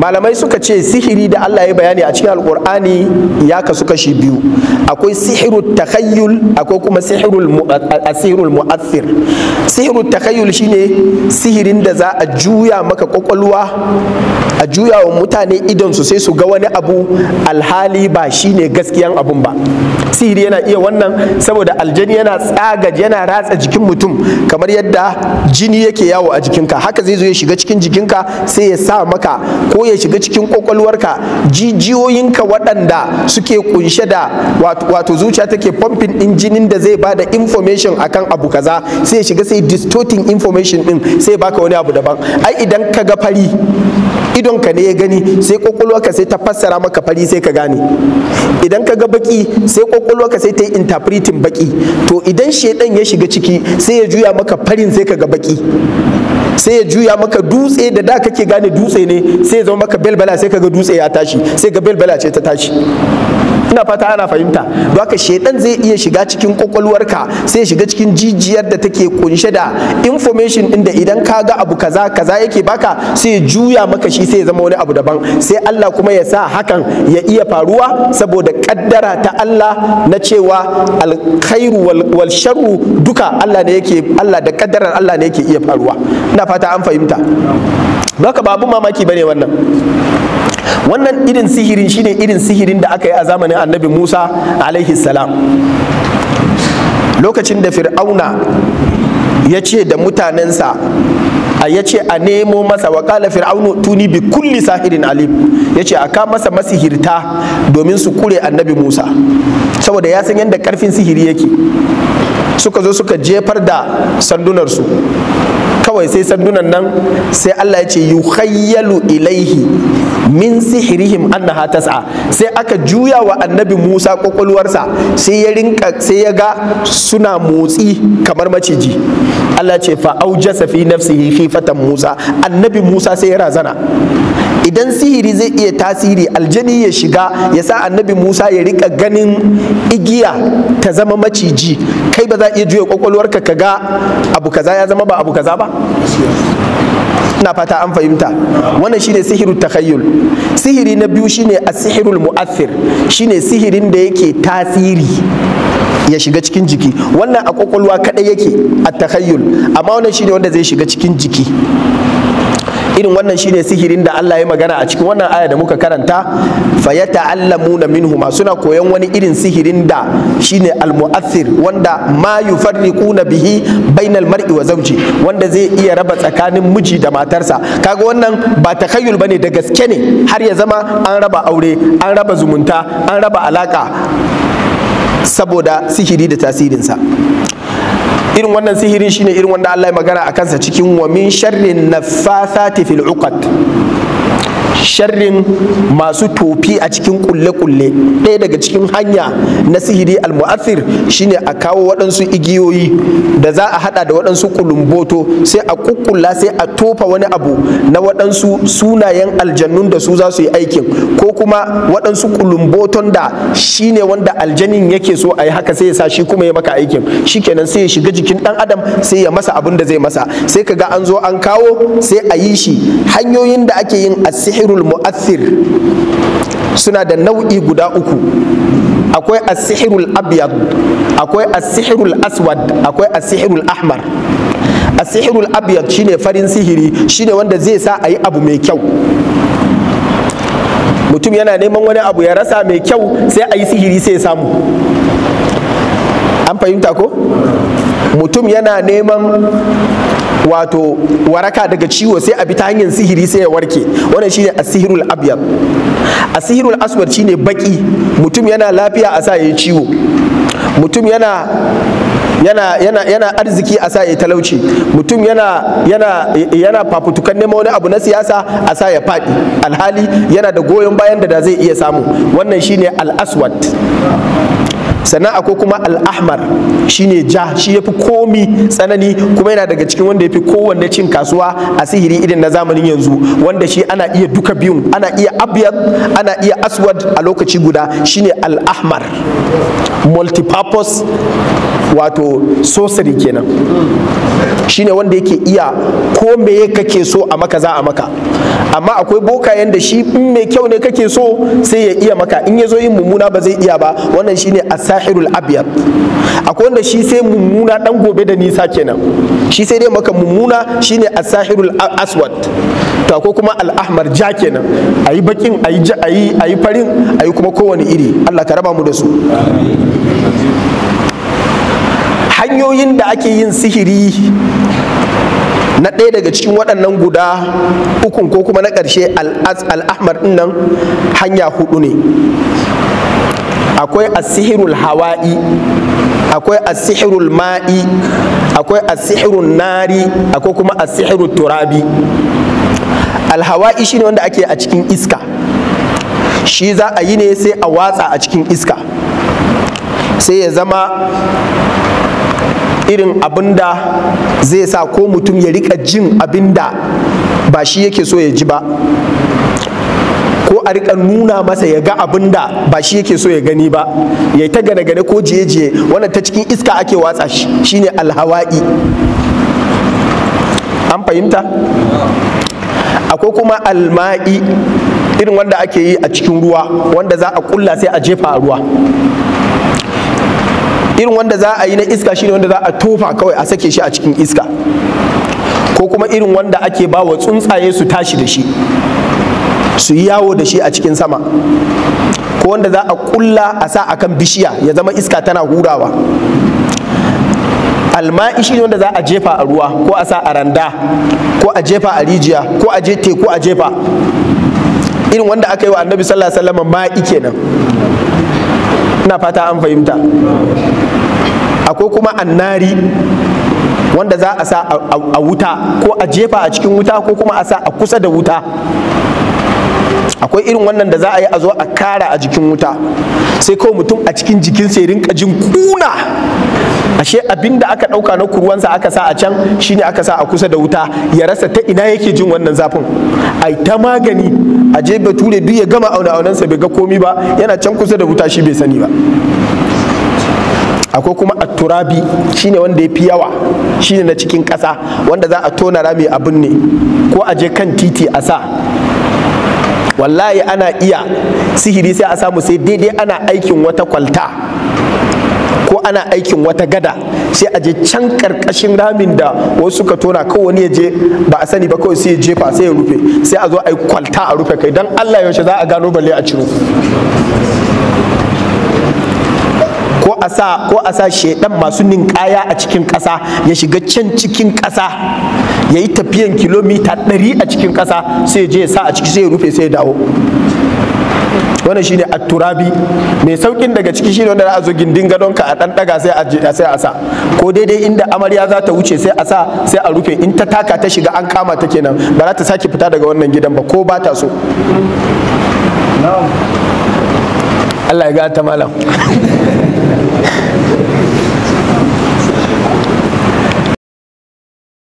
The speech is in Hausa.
malamai suka ce sihiri da Allah ya bayani a cikin alkur'ani ya kasu kashi biyu akwai sihirul takhayyul akwai kuma sihirul asirul mu'athir sihirul takhayyul shine sihirin da za a juya maka kwakwalwa a juya wa mutane idon su sai su ga wani abu alhali ba shine gaskiyan abun ba sihiri yana iya wannan saboda aljani yana tsaga yana ratsa jikin mutum kamar yadda jini yake yawo a jikinka haka zai zo ya shiga cikin jikinka sai ya sa maka ko ya shiga cikin kwakwalwarka jijiyoyinka waɗanda suke kunshe da wato zuciya take pumping ɗin jinin da zai bada information akan abu kaza sai ya shiga sai distorting information din sai baka wani abu daban ai idan ka ga fari idon ne ya gani sai kwakwalwarka sai ta fassara maka fari sai ka gane idan ka ga baki sai kwakwalwarka sai ta yi interpreting baki to idan shedan ya shiga ciki sai ya juya maka farin sai ka ga baki sai ya juya maka dutse da da kake gane dutse ne sai ya zama maka belbala sai ga dutse ya tashi sai ga belbala ce ta tashi ina fata ana fahimta don haka shedan zai iya shiga cikin kwakwalwarka sai shiga cikin jijiyar da take kunshe da information din da idan ka ga abu kaza kaza yake baka sai juya maka shi sai ya zama wani abu daban sai Allah kuma ya sa hakan ya iya faruwa saboda kaddara ta Allah na cewa alkhairu wal, wal sharru duka Allah ne yake Allah da kaddarar Allah ne yake iya faruwa ina fata an fahimta baka babu mamaki bane wannan wannan irin sihirin shine irin sihirin da aka yi a zamanin annabi musa alaihi salam lokacin da fir'auna ya ce da mutanensa a ya ce a nemo masa "Waƙala kala fir'aunu tuni bi kulli sahirin alim ya ce a ka masa masihirta domin su kure annabi musa saboda ya san yadda karfin sihiri yake suka zo suka jefar da sandunarsu kawai sai sandunan nan sai allah ya ce yukhayyalu ilaihi min sihirihim annaha tas'a sai aka juya wa annabi Musa kokolwarsa sai ya rinka sai ya ga suna motsi kamar maciji Allah ce fa aujasa fi nafsihi khifatan Musa annabi Musa sai ya razana idan sihiri zai iya tasiri aljani ya shiga ya sa annabi musa ya rika ganin igiya ta zama maciji kai ba za iya juya kwakwalwarka ka ga abu kaza ya zama ba abu kaza ba ina fata an fahimta wannan shine sihirul takhayyul sihiri na biyu shine asihirul sihirul shine sihirin da yake tasiri ya shiga cikin jiki wannan a kwakwalwa kadai yake a takhayyul amma wannan shine wanda zai shiga cikin jiki irin wannan shine sihirin da Allah ya magana a cikin wannan aya da muka karanta fa yata'allamuna minhuma suna koyon wani irin sihirin da shine almu'athir wanda ma yufarriquna bihi bainal mar'i wa zawji wanda zai iya raba tsakanin miji da matarsa kaga wannan ba ta ba ne da gaske ne har ya zama an raba aure an raba zumunta an raba alaka saboda sihiri da tasirinsa irin wannan sihirin shine irin wanda Allah ya magana a kansa cikin wa min sharrin nafasati fil uqad sharrin masu tofi a cikin kulle-kulle ɗaya daga cikin hanya na sihiri almu'athir shine a kawo waɗansu igiyoyi da za a haɗa da waɗansu kulumboto sai a kukkulla sai a tofa wani abu na waɗansu sunayen aljannun da su za su yi aikin ko kuma waɗansu kulumboton da shine wanda aljanin yake so a yi haka sai ya sa shi kuma ya maka aikin shi kenan sai ya shiga jikin ɗan adam sai ya masa abin da zai masa sai ka ga an zo an kawo sai a yi shi hanyoyin da ake yin asihir sihirul mu'athir suna da nau'i guda uku akwai asihirul abyad akwai asihirul aswad akwai asihirul ahmar asihirul abyad shine farin sihiri shine wanda zai sa a yi abu mai kyau mutum yana neman wani abu ya rasa mai kyau sai a yi sihiri sai samu an fahimta ko mutum yana neman wato waraka daga ciwo sai a bi ta hanyar sihiri sai ya warke wannan shine asihirul abyad asihirul aswad shine baki mutum yana lafiya a sa yayi ciwo mutum yana yana yana yana arziki a sa ya talauci mutum yana yana yana fafutukan neman wani abu na siyasa a sa ya faɗi alhali yana da goyon bayan da da zai iya samu wannan shine al-aswad sannan akwai kuma al'ahmar shine ja shi ya fi komi tsanani kuma yana daga cikin wanda ya fi kowanne cin kasuwa a sihiri irin na zamanin yanzu wanda shi ana iya duka biyun ana iya abyad ana iya aswad a lokaci guda shine al'ahmar multipurpose wato sosiri kenan shine wanda yake iya ko meye kake so a maka za a maka amma akwai bokayen da shi in mai kyau ne kake so sai ya iya maka in ya zo yin mummuna ba zai iya ba wannan shine sahirul abyad akwai wanda shi sai mummuna dan gobe da nisa kenan shi sai dai maka mummuna shine asahirul aswad to ko kuma al'ahmar ja kenan ayi bakin ayi ayi farin ayi kuma kowane iri Allah ka raba mu da su hanyoyin da ake yin sihiri na ɗaya daga cikin waɗannan guda ukun ko kuma na ƙarshe al'ahmar nan hanya hudu ne akwai asihirul hawa'i akwai asihirul ma'i akwai asihirul nari akwai kuma asihirul turabi alhawa'i shine wanda ake a cikin iska shi za a yi ne sai a watsa a cikin iska sai ya zama irin abinda zai sa ko mutum ya rika jin abinda ba shi yake so ya ji ba ko a rika nuna masa ya ga abinda da ba shi yake so ya gani ba ya ta gane gane ko jiye jiye wanda ta cikin iska ake watsa shi ne alhawa'i an fahimta akwai kuma alma'i irin wanda ake yi a cikin ruwa wanda za a kulla sai a jefa a ruwa irin wanda za a yi na iska shine wanda za a tofa kawai a sake shi a cikin iska ko kuma irin wanda ake ba wa tsuntsaye su tashi da shi su yi yawo da shi a cikin sama ko wanda za a kulla a sa akan bishiya ya zama iska tana hurawa alma'i shi wanda za a jefa a ruwa ko a sa a randa ko a jefa a rijiya ko a je teku a jefa irin wanda aka yi wa annabi sallallahu alaihi wasallam ma'i kenan ina fata an fahimta akwai kuma annari wanda za a sa a wuta ko a jefa a cikin wuta ko kuma a sa a kusa da wuta akwai irin wannan da za a yi a zo a kara a jikin wuta sai kawai mutum a cikin jikin sai rinka jin kuna ashe abin da aka ɗauka na kurwansa aka sa a can shine aka sa a kusa da wuta ya rasa ta ina yake jin wannan zafin ai ta magani a je bature duk ya gama auna aunansa bai ga komi ba yana can kusa da wuta shi bai sani ba akwai kuma atturabi shine wanda ya fi yawa shine na cikin ƙasa wanda za a tona rami abin ne ko a je kan titi a sa wallahi ana iya sihiri sai a samu sai daidai ana aikin wata kwalta ko ana aikin wata gada sai a je can karkashin ramin da wasu suka tona kawai wani ya je ba a sani ba kawai sai ya jefa sai ya rufe sai a zo a yi kwalta a rufe kai don allah yaushe za a gano balle a ciro ko a sa ko a masu ninkaya a cikin kasa ya shiga can cikin ƙasa ya yi tafiyan kilomita ɗari a cikin kasa sai je ya sa a ciki sai ya rufe sai ya dawo wannan shine at-turabi mai saukin daga ciki shine wanda za a zo gindin gadon ka a dan daga sai a sai a sa ko daidai inda amarya za ta wuce sai a sa sai a rufe in ta taka ta shiga an kama ta kenan ba za ta sake fita daga wannan gidan ba ko ba ta so Allah ya gata malam